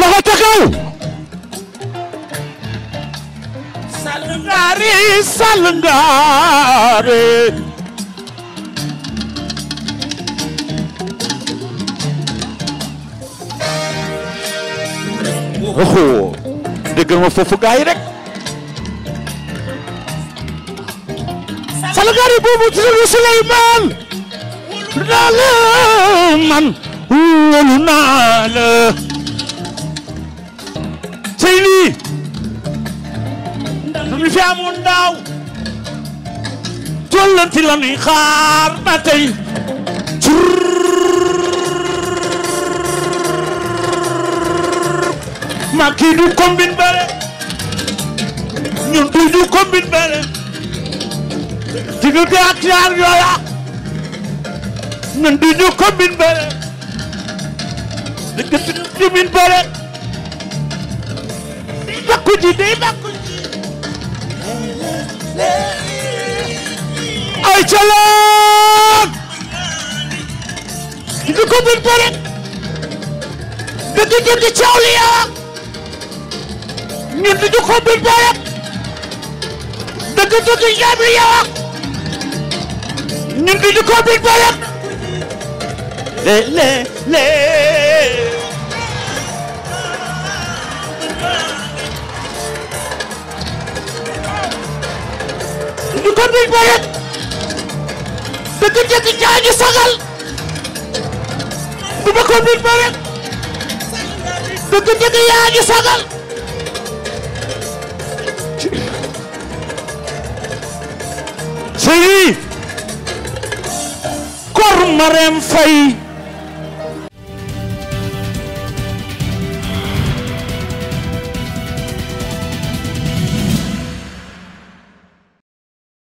loxo ca kaw salngaari salngaari waxoo déggal ma foofu gaay rek salngaari boobu ci sunu Suleymaan naa la man wóolu naa tey lii lu fi amoon daaw jollanti la nuy xaar ba tey ma kii du combine bare ñun du ñu combine bare diggante ak ñaar yooya ñun du ñu combine bare diggante combine bare ji day bàkkul ji ay caloon di ko bun pare dëgg dëgg caaw li yaa di di ko bun pare le le le ñu ko duñ ba yëg dëgg-dëgg jaay ñu sagal du ma ko duñ ba yëg dëgg-dëgg yaa ñu sagal sëyi kor Marème Faye